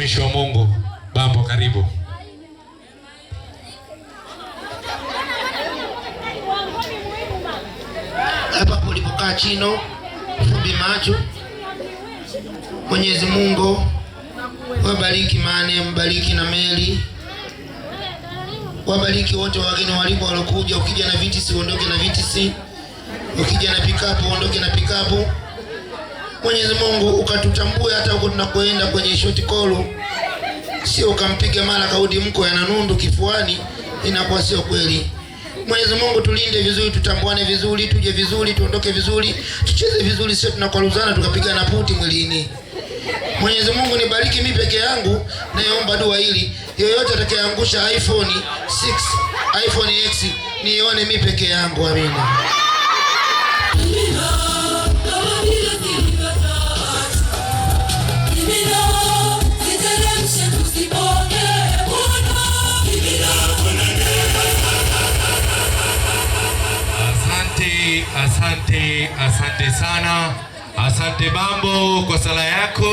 Mtumishi wa Mungu Bambo, karibu. Hapa kulipokaa chino fumbi macho. Mwenyezi Mungu wabariki Mane, mbariki na Meli, wabariki wote wageni walipo, walokuja. Ukija na viti si uondoke na viti si, ukija na pikapu uondoke na pikapu. Mwenyezi Mungu ukatutambue hata huko tunakoenda kwenye shoti kolu, sio ukampiga mara kaudi mko yana nundu kifuani, inakuwa sio kweli. Mwenyezi Mungu tulinde vizuri, tutambuane vizuri, tuje vizuri, tuondoke vizuri, tucheze vizuri, sio tunakwaruzana tukapigana puti mwilini. Mwenyezi Mungu nibariki mimi peke yangu, naomba dua hili, yoyote atakayeangusha iPhone 6 iPhone X nione mimi peke yangu, amina. Asante, asante, asante sana. Asante Bambo kwa sala yako.